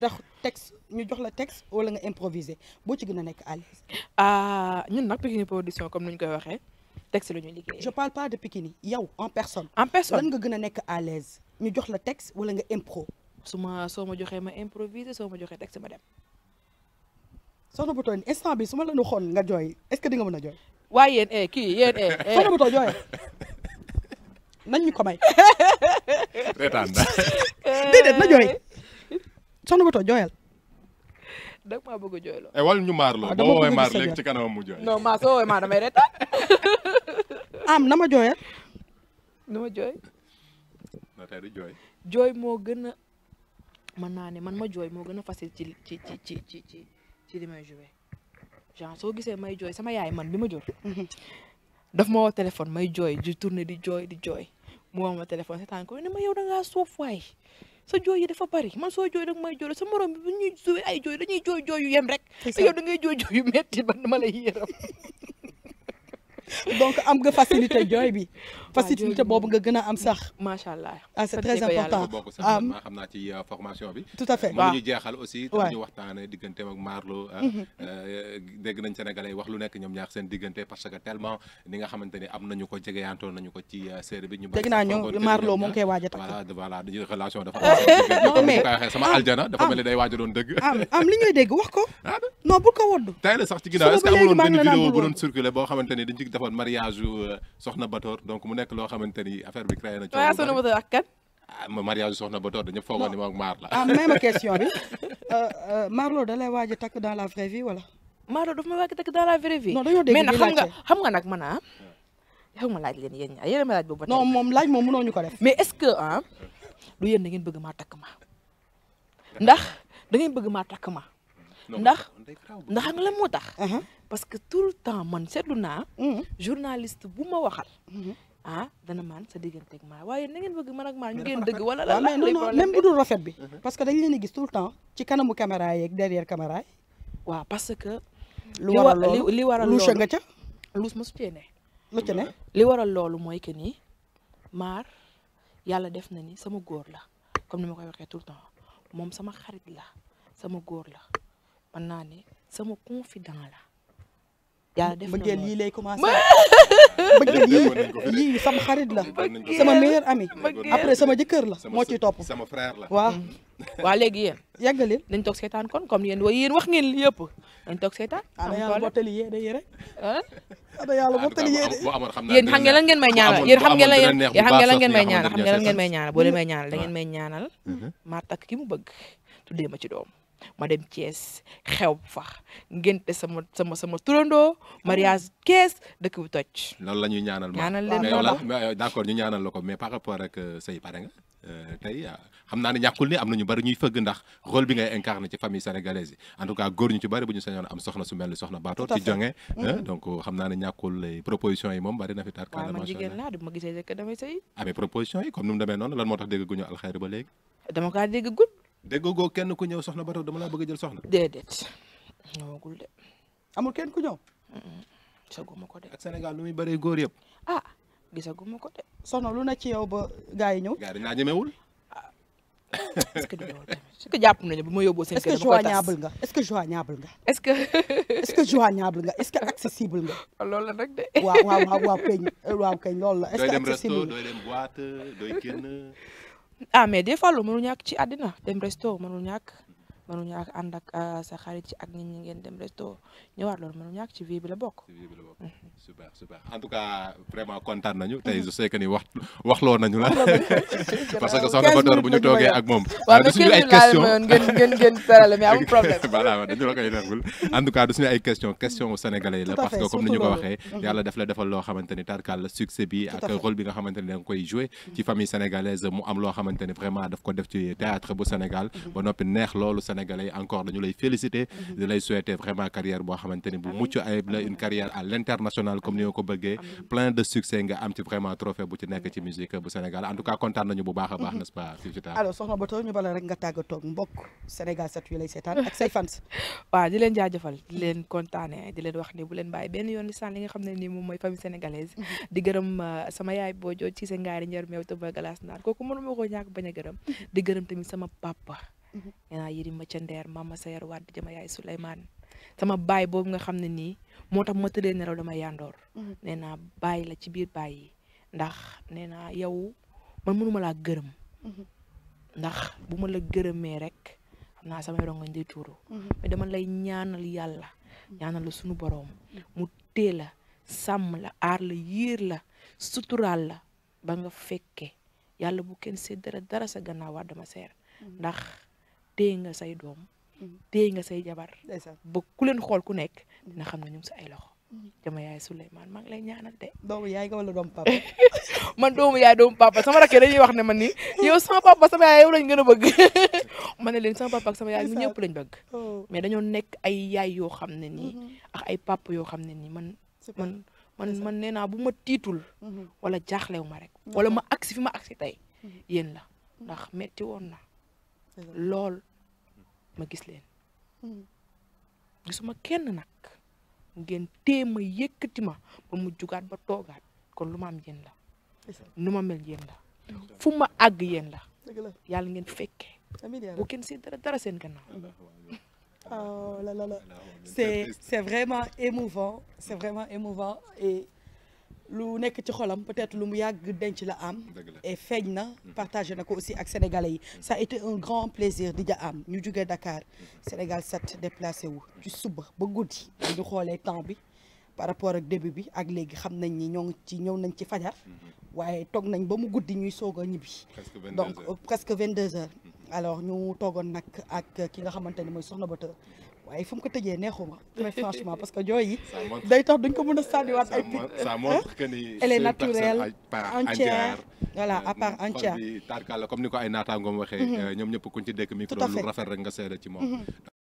ndax texte ñu jox la texte wala nga improviser boo ci gën a nekk à l'aise ah, ñun nag Pikini production comme ni ñu koy waxee texte la ñuy liggéey. je parle pas de Pikini yow en personne. en personne nga gën a nekk à l'aise ñu jox la texte wala nga impro. su ma soo ma joxee ma improviser soo ma joxee texte ma dem. soxna bu tooy instant bi su ma la nu nga jooy est-ce que di nga mën a jooy. waaye yéen eh kii yéen eh. eh. soxna bu tooy jooyee nañ ñu ko may. reetaan na déedéet na jooy. soxna Bato jooyal. dëgg maa bëgg a jooyloo. Eh, wal ñu maar ah, boo woowee maar léegi ci am na ma jooyal. na ma jooy. jooy. moo gën a mën naa ne man ma jooy moo gën a facile ci ci ci ci ci li may joué genre soo gisee may jooy sama yaay man bi ma jur. Mhm. daf ma woo téléphone may jooy di tourné di jooy di jooy mu woo ma téléphone seetaan ko ne ma yow da ngaa suuf sa jooy yi de dafa bari man soo jooy rek may jooy sa morom bi bu ñuy suwee ay jooy dañuy jooy jooy yu yem rek. te yow da ngay jooy jooy yu metti ba ma lay yéeram. donc am nga facilité jooy bi. facilité boobu nga gën a am ah, ah, ci euh, formation bi. tout ñu jeexal aussi. waay ñu waxtaanee digganteem Marlo. Ah, mhm. euh, dégg nañ Sénégalais wax nekk ñoom ñaar seen diggante parce que tellement ni nga xamante ni am nañu ko jegeyantoon nañu ko ci euh, série bi. ñu Marlo mu ngi koy a takk. voilà voilà relation dafa am. mais sama a doon dëgg. am am li ñuy dégg wax ko. non bu ko wodd. tey la sax ci ginnaaw est-ce que amuloon benn vidéo bu doon circuler boo xamante ni dañ ci defoon mariage soxna Batoor donc mu nekk loo xamante ni affaire bi créé na. coono waaw soxna Batoor ah, ma mariage soxna Batoor a ah, même question bi euh, euh, Marlo da lay waaj a takk dans la vraie vie wala. Marlo daf may waaj a takk dans la vraie vie. non dañoo dégg mais nag xam nga xam nga nag ah, ma laaj ma laaj est-ce que ah lu yéen da ngeen takk ma ndax da ngeen bëgg maa takk ma ndax ndax xam nga lan moo tax. Uh-huh. parce que tout le temps man seetlu naa. Mm-hmm. journaliste bu waxal. Mm-hmm. ah dana maan sa digganteeg maa waaye na ngeen bëgg man ak maa ñu ngeen dëgg wala la mais non même bu dul rafet bi mhm. parce que dañ leen di gis tout le temps ci kanamu caméra yeeg derrière caméra waaw parce que lu war loolu li waral loolu nga ca luus ma su cee ne lu ca ne li waral loolu mooy que ni maar yàlla def na ni sama góor la comme ni ma koy waxee tout le temps moom sama xarit la sama góor la man naa ne sama confident la yàlla def na mbëggeel yii lay commencé mbëggeel yii yii xarit la sama meilleur ami après sama jëkkër la moo ciy topp sama frère la waaw mm. waa léegi yéen yeggalil dañ toog seetaan kon comme yéen way wax ngeen li yëpp dañ toog seetaan ada yàlla bottali yee day rek ada yàlla bottali yee yéen xam ngeen lan ngeen may ñaanal yéen xam ngeen la yéen ngeen lan ngeen ñaanal xam ngeen lan ngeen may ñaanal boo may mm-hmm. ñaanal da ngeen may ñaanal mm-hmm. maa takk ki mu bëgg tuddee ma ci doom ma dem Thiès xew fa ngénte sama sama sama mariage Thiès dëkk bu toj. loolu ñaanal ma ñaanal leen mais euh, d'accord ñu ñaanal la ko mais par rapport ak euh, say pare nga euh, tey xam naa ne ñàkkul ni am na ñu bari ñuy fëgg ndax rôle bi ngay incarné ci famille sénégalaise yi en tout cas góor ñu ci bari bu ñu sañoon am soxna su soxna Bator. ci jonge mm. donc xam naa ne ñàkkul proposition yi moom bari na fi tar. waaw man jigéen laa du ma ah, proposition yi comme nu mu demee noonu moo tax déggoo kenn ku ñëw soxna ba taw dama laa bëgg a jël soxna. déedéet ñëwagul de. amul kenn ku ñëw. gisaguma ko de. ak Sénégal nu muy bëree góor yëpp. ah gisaguma ko de soxna lu na ci yow ba gaa yi ñëw. gaa yi dañ laa ñemewul. Ah, est que du loolu tamit bu ma yóbboo seen kër dama koy tas est nga est-ce que est a que joignable nga est-ce que accessible nga. Ah, loolu rek de. waaw waaw waaw waaw que accessible dooy dooy dem boîte dooy kenn. ah mais des fois lu ñàkk ci àddina dem resto mënul ñàkk mënu ñàkk ànd ak euh, ci ak bi la bokk. ci vie bi la bokk. Mhm. super super en tout cas vraiment kontaan nañu mhm. tey je sais wax waxloo nañu la. parce que soxna ba door bu ñu toogee ak moom. Ah, waaw mais suñu ay question ngeen ngeen ngeen tarale mais amul problème. voilà dañu la koy nangul mhm. que comme ni ñu ko waxee. yàlla daf la defal loo xamante ni tarkaal la succès bi xamante ni da nga koy joué ci famille sénégalaise mu am loo xamante ni vraiment daf ko def ci théâtre bu Sénégal ba noppi neex loolu Sénégal sénégalais encore dañu lay féliciter mhm. di lay souhaiter vraiment carrière boo xamante ni bu mucc ayib la une carrière à l'international comme ni nga ko bëggee plein de succès nga am ci vraiment trophée bu ci nekk ci musique bu Sénégal en tout nañu bu baax baax mhm. nest pas Fifita fans waaw di leen jaajëfal di leen kontaane di leen wax ni bu leen bàyyi benn yoon li xam ne nii mooy famille sénégalaise mhm. di gërëm euh, sama yaay boo joo ci sa ngaari njar tamit sama yenaa yëri ma ca ndeer mama sayar wadd jama yaay Souleymane sama baay boobu nga xam ne nii moo tax ma tëddee nelaw dama yandoor mhm. nee naa bàyyi la ci biir baay yi ndax nee naa yow man mënuma laa gërëm mhm. ndax bu ma la gërëmee rek xam naa samay rongoñ day tuuru mhm. mais dama lay ñaanal yàlla ñaanal la sunu boroom mu tée la sàmm la aar la yiir la suturaal la ba nga fekke yàlla bu kenn seet dara dara sa gannaaw waat dama seer ndax téye nga say doom mm-hmm. téye nga say jabar ba ku leen xool ku nekk mm-hmm. dina xam ne ñu ngi ay loxo dama mm-hmm. yaay Souleymane maa ngi lay ñaanal de. doomu yaay nga wala doomu papa. man doomu yaay doomu papa sama rakk dañuy wax ne man ni yow sama papa sama yaay yow lañ gën a bëgg ma leen sama papa ak sama yaay ñëpp lañ bëgg. Oh. mais dañoo nekk yaay yoo xam ne nii. ay papa yoo xam ne nii man. man man man nee naa bu ma tiitul. wala jaaxlew ma rek. wala ma agsi fi ma agsi tey. yéen la ndax metti woon na. lool. ma gis leen mm. gisuma kenn nag ngeen tée ma yëkkati ma ba mu ba toogaat kon lu ma am yéen la nu ma mel yéen la fu ma àgg yéen la yàlla ngeen fekkee bu kenn si dara dara seen gannaaw oh là là là c'est vraiment émouvant c'est vraiment émouvant et lu nekk ci xolam peut-être lu mu yàgg denc la am et feeñ na mhm. partagé na ko aussi ak sénégalais yi mhm. ça a été un grand plaisir di ja am ñu jugee Dakar mhm. Sénégal 7 déplacé wu ci suba ba guddi ñu xoolee temps bi par rapport ak début bi ak léegi xam nañ ni ñoo ci ñëw nañ ci fajar waaye toog nañ ba mu guddi ñuy soog a ñibbi donc presque 22 heures alors ñu toogoon nag ak ki nga xamante ni mooy soxna Bator ay fu mu ko tëjee neexuma très franchement parce que jooy yi day tax duñ ko mën a sànniwaat ay pic ça montre que ni part entière euh, tarkal comme ni ko ay naataangoom waxee mhm. euh, ñoom ñëpp kuñ ci dëkk micro lu rafet rek nga seede ci moom mhm.